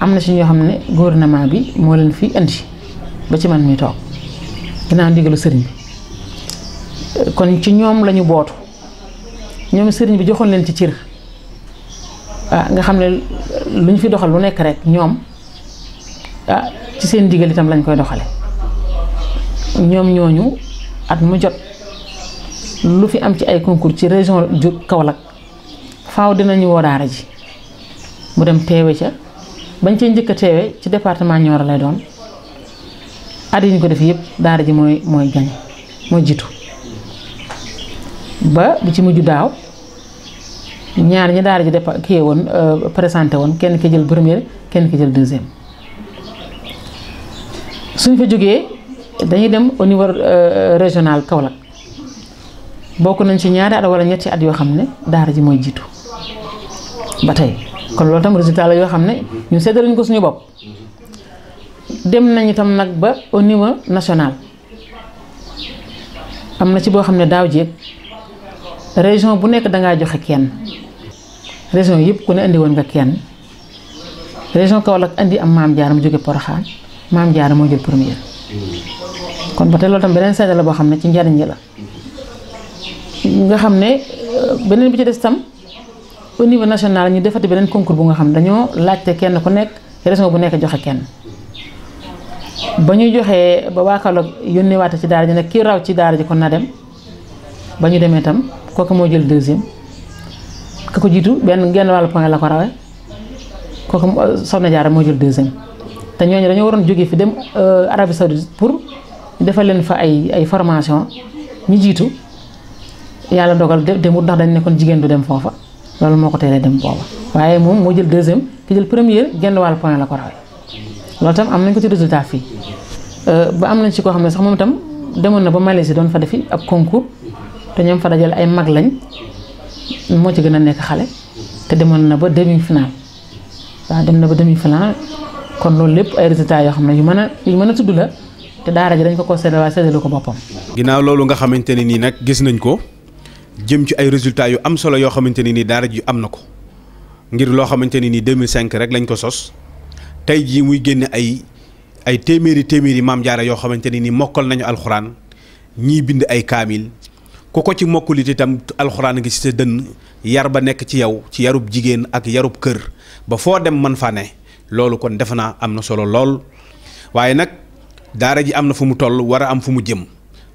am na si ñoo xam ne gouvernement bi moo leen fi indi ba ci man mi toog ginnaaw ndigalu sëriñ bi kon ci ñoom lañu bootu ñoom sëriñ bi joxoon leen ci cër ah nga xam ne lu ñu fi doxal lu nekk rek ñoom ah ci seen ndigal itam lañ koy doxale ñoom ñooñu at mu jot lu fi am ci ay concours ci région ju Kaolack faaw dinañu woo daara ji mu dem teewe ca bañ cee njëkk a teewe ci département Nioro lay doon at yi ñu ko def yëpp daara ji mooy mooy gañ mooy jiitu ba bi ci mujj daaw ñaar ñi daara ji dépa kii woon euh, présenté woon kenn ki jël première kenn ki jël deuxième suñ fa jógee dañuy dem au niveau euh, régional Kaolack bokk nañ ci ñaari at wala ñetti at yoo xam ne daara ji mooy jiitu ba tey kon loolu tam résultat yoo xam ne ñu séddalañ ko suñu bopp nañ itam nag ba au niveau national am na ci boo xam ne daaw jéeg région bu nekk dangaa joxe kenn région yëpp ku ne indi woon nga kenn région Kaolack indi am maam jaar mu jóge Poroxaan maam jaar moo jël première kon ba tey loolu tam beneen séddale boo xam ne ci njariñ la. nga xam ne euh, beneen bi ci des tam au niveau national ñu defati beneen concours bu nga xam ne dañoo laajte kenn ku nekk région bu nekk joxe kenn. ba ñu joxee ba waa Kaolack yónneewaate ci daara ji nag kii raw ci daara ji kon na dem ba ñu demee tam kooku moo jël deuxième ka ko jiitu benn genn wàllu point la ko rawee kooku euh, Soxna Jaara moo jël deuxième. te ñooñu dañoo waroon jógee fi dem euh, Arabie Saoudite pour defal leen fa ay ay formation ñu jiitu. yàlla dogal demut ndax dañ nekkoon jigéen du dem foofa loolu moo ko teelee dem booba waaye moom moo jël deuxième ki jël première genn wàllu point la ko rawee loolu tam am nañ ko ci résultat fii euh, ba am nañ ci koo xam ne sax moom itam demoon na ba Malaisie doon fa defi ab concours te ñoom fa dajal ay mag lañ moo ci gën a nekk xale te demoon na ba demi final waaw dem na ba demi final kon loolu lépp ay résultats yoo xam ne yu mën a yu mën a tudd la t daara ji dañ ko considéré waaye séddale ko boppam. nga xamante ne nii nag gis nañ ko. jëm ci ay résultats yu am solo yoo xamante ne nii daara ji am na ko ngir loo xamante ne nii 2005 rek lañ ko sos tey jii muy génne ay ay téeméeri téeméeri maam jaara yoo xamante ne nii mokkal nañu alxuraan ñii bind ay kaamil ku ko ci mokkulit itam alxuraan gi ci sa dënn yar ba nekk ci yow ci yarub jigéen ak yarub kër ba foo dem man faa ne loolu kon defe naa am na solo lool waaye nag daara ji am na fu mu toll war a am fu mu jëm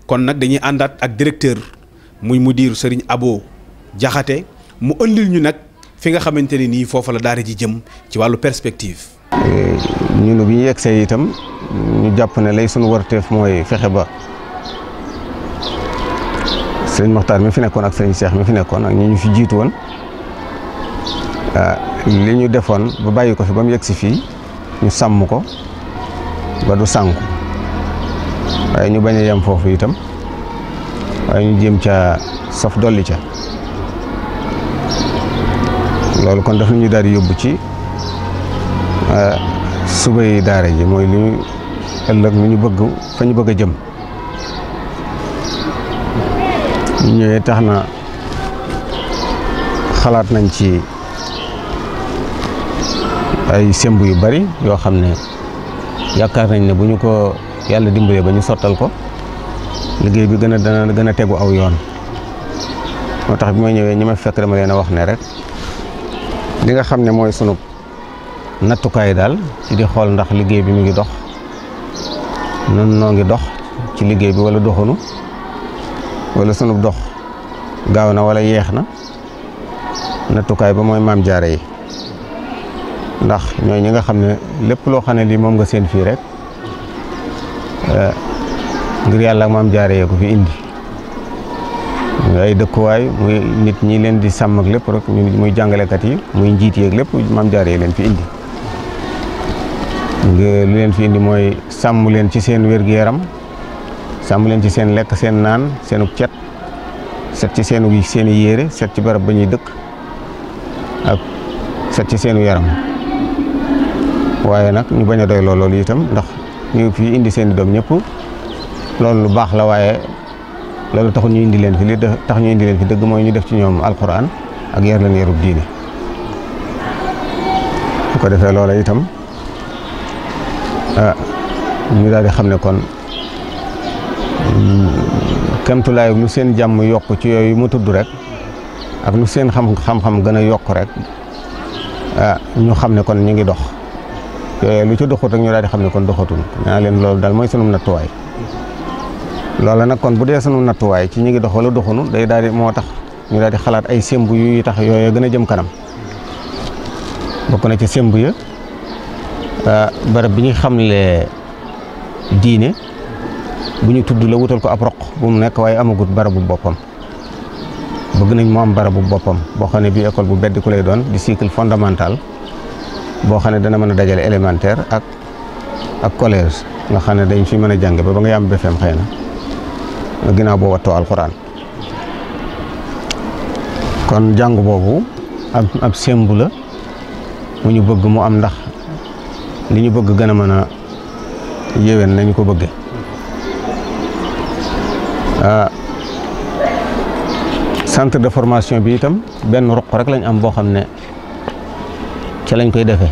kon nag dañuy àndaat ak directeur. muy mu diir sëriñ aboo Jaxate mu ëndil ñu nag fi nga xamante ni nii foofa la daara ji jëm ci wàllu perspective. Eh, ñun bi ñu yegsee itam ñu jàpp ne lay sunu warteef mooy fexe ba sëriñ Maxtaar mi fi nekkoon ak sëriñ seex mi fi nekkoon ak ñi ñu fi jiitu woon ah, li ñu defoon ba bàyyi ko fi ba mu yegsi fii ñu sàmm ko ba du sànku waaye ñu bañ a yem foofu itam. waaye ñu jéem ca saf dolli ca loolu kon daf ñu daal yóbbu ci euh, subay daara ji mooy li ëllëg lu ñu bëgg fa ñu bëgg a jëm ñu ñëwee tax na xalaat nañ ci ay semb yu bari yoo xam ne yaakaar nañ ne bu ñu ko yàlla dimbalee ba ñu sottal ko liggéey bi gën a dana gën a tegu aw yoon moo tax bi ma ñëwee ñi ma fekk dama leen a wax ne rek li nga xam ne mooy sunu nattukaay daal ci di xool ndax liggéey bi mu ngi dox nun noo ngi dox ci liggéey bi wala doxunu wala sunu dox gaaw na wala yeex na nattukaay ba mooy maam jaare yi ndax ñooy ñi nga xam ne lépp loo xam ne lii moom nga seen fii rek euh, ngir yàlla maam jaaree ko fi indi ay dëkkuwaay muy nit ñi leen di sàmm ak lépp rek muy jàngalekat yi muy njiit yeeg lépp maam jaaree leen fi indi lu leen fi indi mooy sàmm leen ci seen wér yaram sàmm leen ci seen lekk seen naan seenu cet set ci seenu seeni yére set ci barab ba ñuy dëkk ak set ci seenu yaram waaye nag ñu bañ a doy loolu itam ndax ñu fi indi seen doom ñëpp loolu lu baax la waaye loolu taxu ñu indi leen fi li tax ñu indi leen fi dëgg mooy ñu def ci ñoom alquran ak yar leen yarub diine bu ko defee loola itam ah, ñu daal di xam ne kon mm, kemtulaay lu seen jàmm yokk ci yooyu mu tudd rek ak lu seen xam xam-xam gën a yokk rek ah, ñu xam ne kon ñu ngi dox yooyu lu ci doxut ñu daal xam ne kon doxatul naa leen loolu daal mooy sunu nattuwaay loole nag kon bu dee sunu nattuwaay ci ñu ngi dox wala doxunu day daal moo tax ñu daal di xalaat ay semb sémb yuy tax yooyu gën a jëm kanam bokk na ci sémb ya ah, barab bi ñu xamle diine bu ñu tudd la wutal ko ab roq bu mu nekk waaye amagut barabu boppam bëgg nañ mu am barabu boppam boo xam ne bii école bu beddi ku lay doon di cycle fondamental boo xam ne dana mën a dajale élémentaire ak ak collège nga xam ne dañ fi mën a jàng ba ba nga yam BFEM xëy ginnaaw boo wattoo alxuraan kon jàng boobu ab ab la mu ñu bëgg mu am ndax li ñu bëgg gën a mën a yéwén ko bëgge ah, centre de formation bi itam benn ruq rek lañu am boo xam ne ci lañ koy defe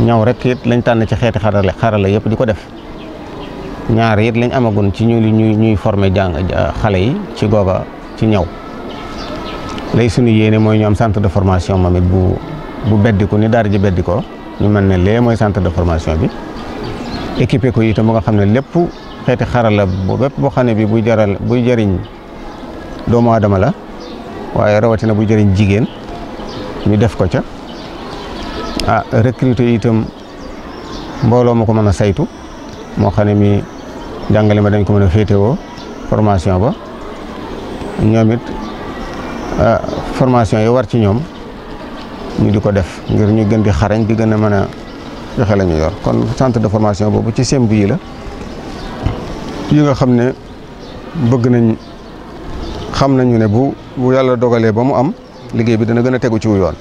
ñaw rek it lañ tànn ci xeeti xarale xarale yëpp di ko def ñaar it lañ amagoon ci ñu ñuy ñuy former jàng xale yi ci googa ci ñaw lay sunu yéene mooy ñoom centre de formation moom bu bu beddiku ni daara ji beddi ko ñu mel ne lee mooy centre de formation bi équipé ko itam ba nga xam ne lépp xeeti xarala bu bépp boo xam ne bi buy jaral buy jëriñ doomu aadama la waaye rawatina bu jëriñ jigéen ñu def ko ca ah recruter itam mbooloo ma ko mën a saytu moo xam mi jàngale ma dañ ko mën a féetewoo formation ba ñoom it ah, formation yi war ci ñoom ñu di ko def ngir ñu gën di xarañ di gën a mën a joxe lañu ñu kon centre de formation boobu ci semb yi la yi nga xam ne bëgg nañ xam nañu ne bu bu yàlla dogalee ba mu am liggéey bi dana gën a tegu ci wu yoon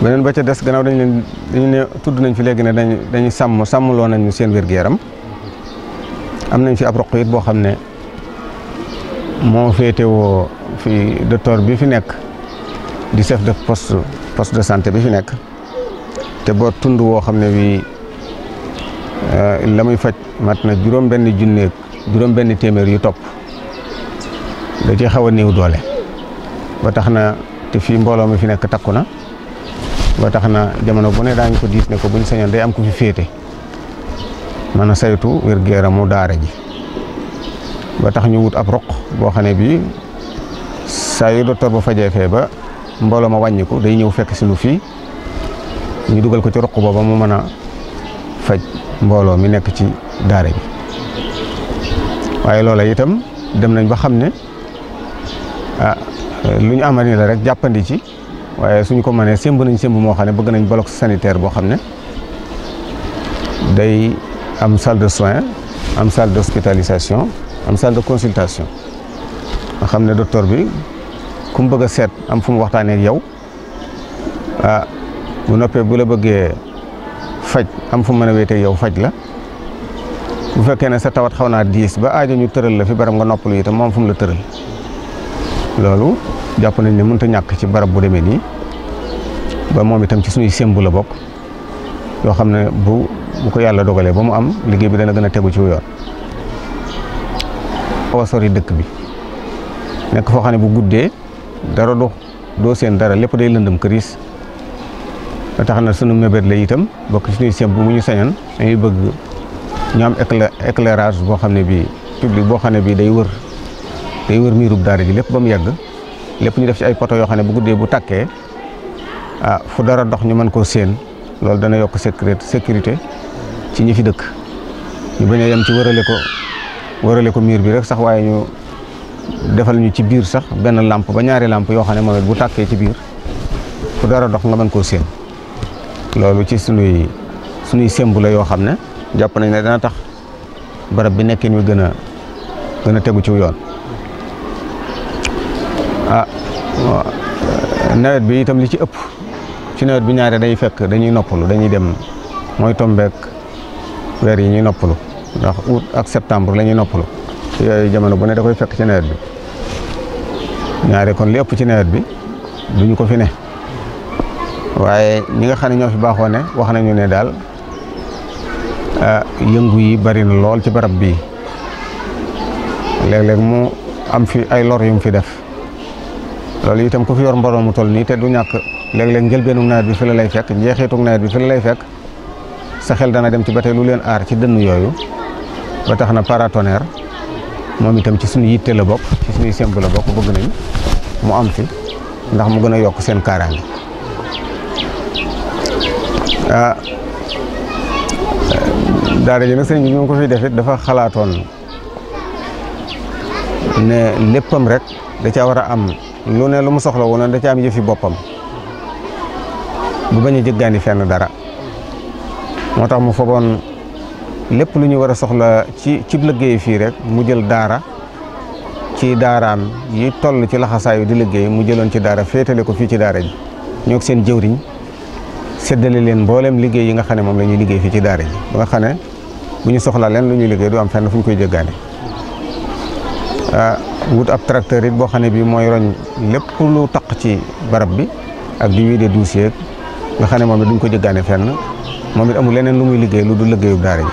beneen ba ca des gannaaw dañ leen dañu ne tudd nañ fi léegi ne dañ dañu sàmm sàmmloo nañu seen wér yaram am nañ fi ab roq it boo xam ne moo féetewoo fi docteur bi fi nekk di chef de poste poste de santé bi fi nekk te boo tund woo xam ne bii euh, la muy faj mat na juróom benn junneeg juróom benn téeméer yu topp da ci xaw a néew doole boo tax na te fii mbooloo mi fi nekk takku na ba tax na jamono bu ne daañu ko diis ne ko buñ sañoon day am ku fi féete mën a saytu wér-gu-yaramu daara ji ba tax ñu wut ab roq boo xam ne bii saa yu docteur ba fajee fee ba mbooloo ma wàññiku day ñëw fekk si lu fii ñu dugal ko ci roq ba mu mën a faj mbooloo mi nekk ci daara ji waaye loola itam dem nañ ba xam ne ah lu ñu amal la rek jàppandi ci waaye suñu ko mënee sémb nañ sémb moo xam ne bëgg nañ bloc sanitaire boo xam ne day am salle de soins am salle d'hospitalisation am salle de consultation nga xam ne docteur bi ku mu bëgg a seet am fu mu waxtaanee ak yow ah bu noppee bu la bëggee faj am fu mu mën a wéeteeg yow faj la bu fekkee ne sa tawat xaw naa diis ba aajo ñu tëral la fi barab nga noppalu itam moom fu mu la tëral loolu jàpp nañ ne mënut a ñàkk ci barab bu demee nii ba moom itam ci suñuy sémbu la bokk. yoo xam ne bu bu ko yàlla dogalee ba mu am liggéey bi dana gën a tegu ci yoon awa sori dëkk bi nekk foo xam ne bu guddee dara du doo seen dara lépp day lëndëm këriis da tax na sunu mébét la itam bokk ci ñuy sëb bu mu ñu sañoon dañuy bëgg ñu am éclairage boo xam ne bii public boo xam ne bii day wër day wër miirub daara ji lépp ba mu yàgg lépp ñu def ci ay poto yoo xam ne bu guddee bu takkee ah fu dara dox ñu mën koo séen loolu dana yokk sécurité sécurité ci ñi fi dëkk ñu bañ a yem ci wërale ko wërale ko miir bi rek sax waaye ñu defal ñu ci biir sax benn làmp ba ñaari làmp yoo xam ne moom bu tàkkee ci biir ku dara dox nga mën koo séen loolu ci sunuy sunuy semb la yoo xam ne jàpp nañ ne dana tax barab bi nekkin wi gën a tegu ci yoon ah, nawet bi itam li ci ëpp. ci nawet bi ñaare day fekk dañuy noppalu dañuy dem mooy tombeek weer yi ñuy noppalu ndax août ak septembre lañuy ñuy yooyu jamono bu ne da fekk ci nawet bi ñaare kon li ci nawet bi duñu ko fi ne waaye ñi nga xam ne ñoo fi baaxoo ne wax nañu ne daal ah, yëngu yi bari lool ci barab bii léeg-léeg mu am fi ay lor yu mu fi def loolu itam ku fi yor mboroomu toll nii te du ñàkk léeg-léeg njëlbeenu nawet bi fi la lay fekk njeexitug nawet bi fi la lay fekk sa xel dana dem ci ba tey lu leen aar ci dënn yooyu ba tax na paratonnerre moom itam ci suñu yitte la bokk ci suñuy semb la bokk bëgg nañ mu am fi ndax mu gën a yokk seen kaaraange ah daara ji nag sëriñ bi ko fiy def dafa xalaatoon ne léppam rek da ca war a am lu ne lu mu soxla woon da ca am yëfi boppam. bu bañ a jëggaani fenn dara moo tax mu fogoon lépp lu ñuy war a soxla ci cib liggéey fii rek mu jël daara ci daaraam yi toll ci laxasaayu di liggéey mu jëloon ci daara féetale ko fii ci daara ji ñoo seen jëwriñ séddale leen mbooleem liggéey yi nga xam ne moom la ñuy liggéey fii ci daara ji ba nga xam ne bu ñu soxla leen lu ñuy liggéey du am fenn fu ñu koy jëggaani ah, wut ab tracteur it boo xam ne bii mooy roñ lépp lu taq ci barab bi ak di wéy de dossier nga xam ne moom it duñ ko jëggaane fenn moom it amul leneen lu muy liggéey lu du liggéeyub daara ji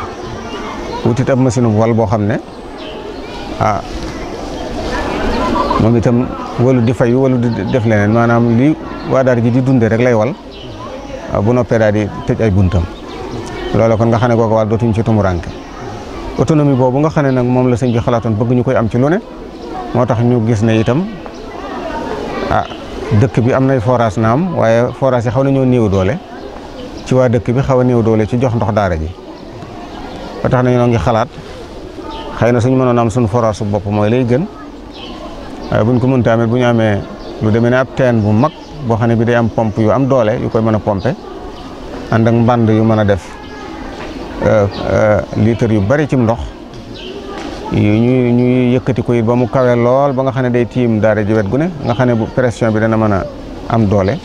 wutit ab machine wal boo xam ne ah moom itam walu di fayu walu di def leneen maanaam lii waa daara ji di dundee rek lay wal ah, bu noppee daal di tëj ay buntam loole kon nga xam ne kooku wàll dootuñ ci tumuranke autonomie boobu nga xam ne nag moom la sañ bi xalaatoon bëgg ñu koy am ci lu ne moo tax ñu gis ne itam ah, dëkk bi am nay forage naam waaye forage yi xaw nañoo néew doole ci waa dëkk bi xaw a néew doole ci jox ndox daara ji ba tax na ñoo ngi xalaat xëy na suñ mënoon am suñu forage su bopp mooy lay gën waaye buñ ko mënta amit bu ñu amee lu demee ne ab teen bu mag boo xam ne bi day am pompe yu am doole yu koy mën a pompe ànd ak mbànd yu mën a def euh, euh, litre yu bari ci ndox ñu ñu yëkkati ko ba mu kawee lool ba nga xam ne day tiim daara ji wet gu ne nga xam ne bu pression bi dana mën a am doole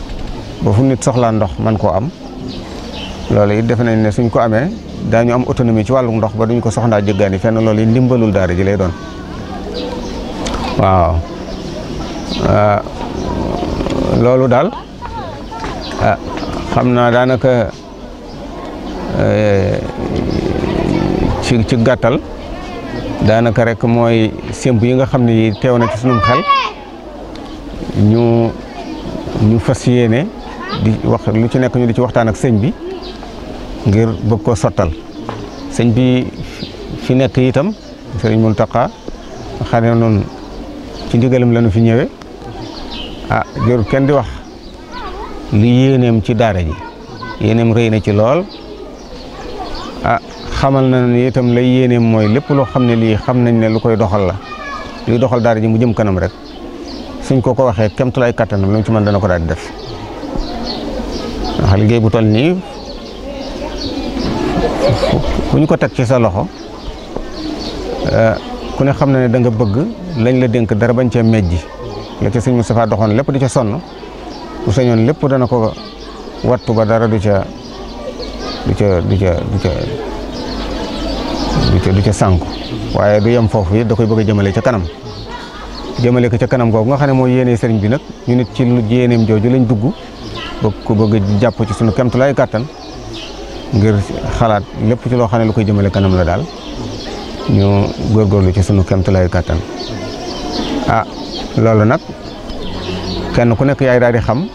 ba fu nit soxlaa ndox man koo am loolu it defe nañ ne suñ ko amee daañu am autonomie ci wàllum ndox ba duñ ko soxlaa jëggaani fenn loolu it ndimbalul daara ji lay doon waaw ah, loolu daal ah, xam naa daanaka eh, ci ci gàttal daanaka rek mooy sémb yi nga xam ne teew na ci sunum xel ñu ñu fas yéene di lu ci nekk ñu di ci waxtaan ak sëñ bi ngir bëgg koo sottal sëñ bi fi nekk itam sëriñ Mountakha xam ne noonu ci ndigalam lañu fi ñëwee a ah, jërul kenn di wax lu yéeneem ci daara ji yéeneem rëy na ci lool xamal na ne itam lay yéeneem mooy lépp loo xam ne lii xam nañ ne lu koy doxal la luy doxal daara ji mu jëm kanam rek suñ ko ko waxee kem tolluwaay kattanam lu mu ci man dana ko daal di def ndax liggéey bu toll nii ku ñu ko teg ci sa loxo eh, ku ne xam na ne danga bëgg lañ la dénk dara bañ cee mejji la ca sëñ Moustapha doxoon lépp di ca sonn bu sañoon lépp dana ko wattu ba dara du ca du ca du ca du ca du ca du ca sànku waaye du yem foofu it da koy bëgg a jëmale ca kanam jëmale ko ca kanam googu nga xam ne mooy yéene sëriñ bi nag ñu nit ci yéeneem jooju lañ dugg bëgg ko bëgg jàpp ci sunu kemtulaay kàttan ngir xalaat lépp ci loo xam ne lu koy jëmale kanam la daal ñu góorgóorlu ci sunu kemtulaay kàttan ah loolu nag kenn ku nekk yaay daal di xam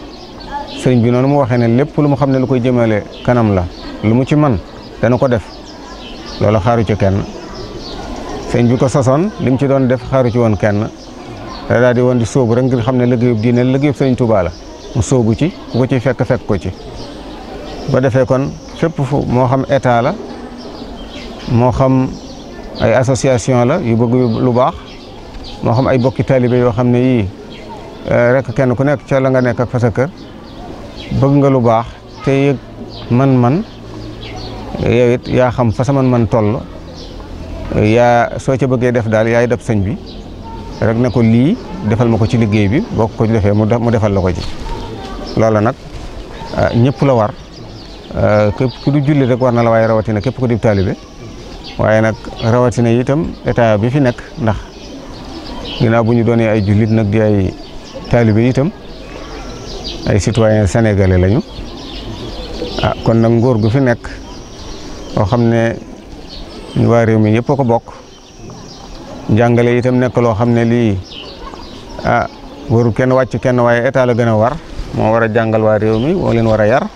sëriñ bi noonu mu waxee ne lépp lu mu xam ne lu koy jëmale kanam la lu mu ci man dana ko def loolu xaaru ci kenn sëñ bi ko sosoon li mu ci doon def xaaru ci woon kenn da daal di woon di sóobu rek ngir xam ne liggéeyub diine liggéeyub sëñ Tuubaa la mu sóobu ci ku ko ci fekk fekk ko ci ba defee kon fépp fu moo xam état la moo xam ay association la yu bëgg lu baax moo xam ay bokki taalibe yoo xam ne yii eh, rek kenn ku nekk ca la nga nekk ak fa sa kër bëgg nga lu baax te yëg man-man yow yaa xam fa sama man toll yaa soo ca bëggee def daal yaay dab sëñ bi rek na ko lii defal ma ko ci liggéey bi boo ko defee mu defal la ko ci loola nag ah, ñëpp la war ah, képp ku du julli rek war na la waaye rawatina képp ku di taalibe waaye nag rawatina itam état bi fi nekk ndax ginnaaw bu ñu doonee ay jullit nag di ay taalibe itam ay citoyen sénégalais lañu ah kon nag ngóor gu fi nekk boo xam ne ñu waa réew mi yëpp a bokk jàngale itam nekk loo xam ne lii ah waru kenn wàcc kenn waaye état la gën a war moo war a jàngal waa réew mi moo leen war a yar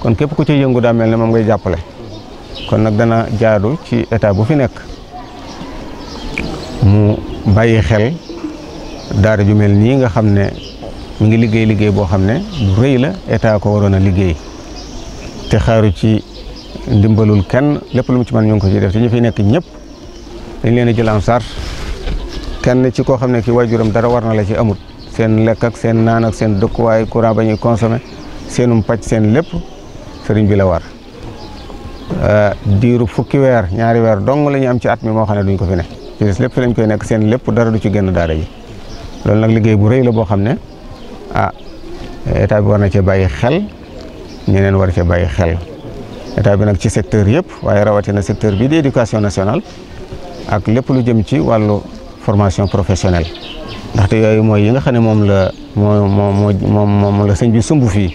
kon képp ku ci yëngu daa mel ne moom ngay jàppale kon nag dana jaadu ci état bu fi nekk mu bàyyi xel daara ju mel nii nga xam ne mu ngi liggéey liggéey boo xam ne bu rëy la état ko waroon a liggéey te xaaru ci ndimbalul kenn lépp lu mu ci mën ñu ko ciy def te ñu fi nekk ñëpp dañ leen a jël en charge kenn ci koo xam ne ki waajuram dara war la ci amut seen lekk seen naan ak seen dëkkuwaay courant ba ñuy consommé seenum pàcc seen lépp sëriñ bi la war euh, diiru fukki weer ñaari weer dong lañu am ci at mi moo xam ne duñ ko fi ne ci lépp fi koy nekk seen lépp dara du ci génn daara ji loolu nag liggéey bu rëy la boo xam ne a ah, état bi war na cee bàyyi xel ñeneen war cee bàyyi xel état bi nag ci secteur yëpp waaye rawatina secteur bi di éducation nationale ak lépp lu jëm ci wàllu formation professionnelle ndaxte yooyu mooy yi nga xam ne moom la moo moo moom moom la sëñ bi sumb fii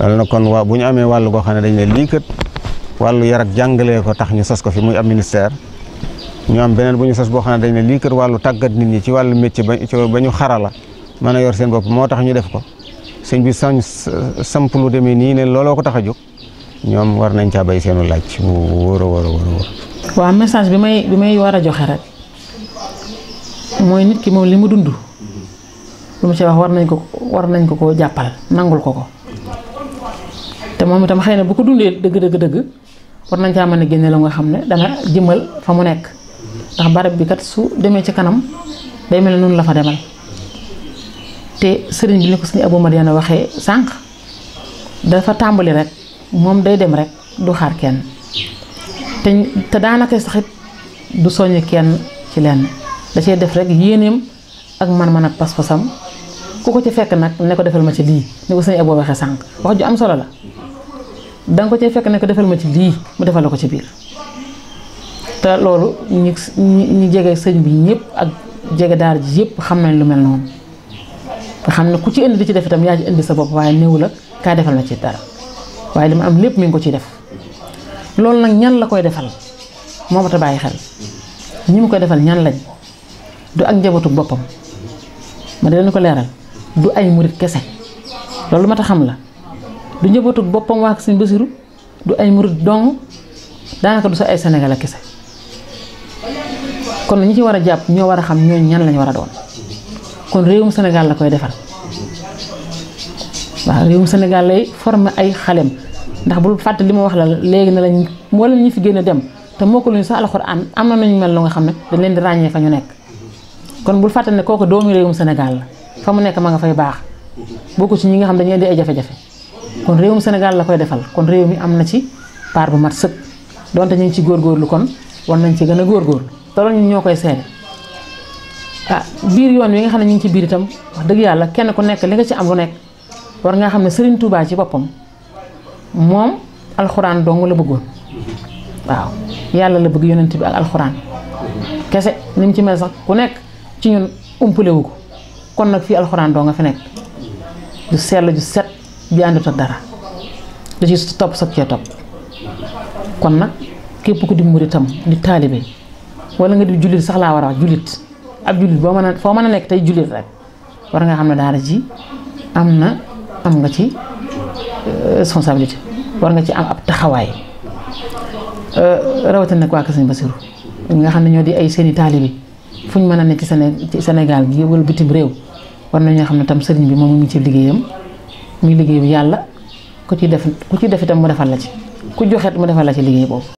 loolu nag kon waa bu ñu amee wàllu goo xam ne dañ ne lii kat wàllu yar jàngalee ko tax ñu sos ko fi muy ab ministère ñu am beneen bu ñu sos boo xam ne dañ ne lii kat wàllu tàggat nit ñi ci wàllu métier ba ba ñu xarala mën a yor seen bopp moo tax ñu def ko sëñ bi sañ samp lu demee nii ne looloo ko tax a jóg ñoom war nañ caa bay seenu laaj bu wóor a wóor waaw message bi may bi may war a joxe rek mooy nit ki moom li mu dund lu mu ci wax war nañ ko war nañ ko koo jàppal nangul ko ko te moom itam xëy na bu ko dundee dëgg dëgg dëgg war nañ caa mën a génne la nga xam ne dana jëmmal fa mu nekk ndax barab bi kat su demee ci kanam day mel ne noonu la fa demal te sëriñ bi ni ko suñu Abou Madiana waxee sànq dafa tàmbali rek. moom day dem rek du xaar kenn te te daanaka sax it du soññ kenn ci lenn da cee def rek yéeneem ak man-man ak pas-pasam ku ko ci fekk nag ne ko defal ma ci lii ni ko sëñ waxee sànq wax ju am solo la danga ko ci fekk ne defal ma ci lii mu defal la ko ci biir te loolu ñi ñi jege sëñ bi ñëpp ak jege daara ji yëpp xam nañ lu mel noonu nga xam ne ku ci indi di ci def itam yaa ci indi sa bopp waaye néew la kaa defal ma ci dara waaye li ma am lépp mi ngi ko ciy def loolu nag ñan la koy defal moo ma ta bàyyi xel ñi mu koy defal ñan lañ du ak njabootu boppam ma di leen ko leeral du ay murit kese loolu ma ta xam la du njabootu boppam waa Sëñ Basiru du ay murit dong daanaka du sa ay Sénégalais kese kon ñi ci war a jàpp ñoo war a xam ñoo ñan lañ war a doon kon réewum Sénégal la koy defal waaw réewum Sénégal lay former ay xalem ndax bul fàtte li ma wax la léegi na lañ mboolem ñi fi gën a dem te moo ko luñu sax alxuraan am na nañu mel lu nga xam ne dañ leen di ràññee fa ñu nekk kon bul fàtte ne kooku doomi réewum Sénégal la fa mu nekk ma nga fay baax bokku ci ñi nga xam dañuy indi ay jafe-jafe kon réewum Sénégal la koy defal kon réew mi am na ci part bu mat sëkk donte ñu ngi ci góorgóorlu kon war nañ ci gën a góor te loolu ñun ñoo koy seede ah biir yoon wi nga xam ne ñu ngi ci biir itam wax dëgg kenn ku nekk li nga ci am lu nekk war ngaa xam ne Serigne Touba ci boppam moom alxuraan dong la bëggoon waaw yàlla la bëgg yonent bi ak alxuraan kese ni mu ci mel sax ku nekk ci ñun umpale wu ko kon nag fii alxuraan doo nga fi nekk ju set ju àndut ak dara da ci topp soog topp kon nag képp ku di murit itam di taalibe wala nga di jullit sax laa war a wax jullit ab jullit boo mën a foo mën a nekk tey jullit rek war nga xam ne daara ji am na am nga ci Euh, responsabilité war nga ci am ab taxawaay euh, rawatina nag waa Kër ba Basiru ñi nga xam ne ñoo di ay seeni taalibe fu ñu mën a ne ci Sénégal gi wala bitim réew war na ñoo xam ne tam sëriñ bi moom mu ngi ci liggéeyam muy liggéeyu yàlla ku ci def ku ci def itam mu defal la ci ku joxet mu defal la ci liggéey boobu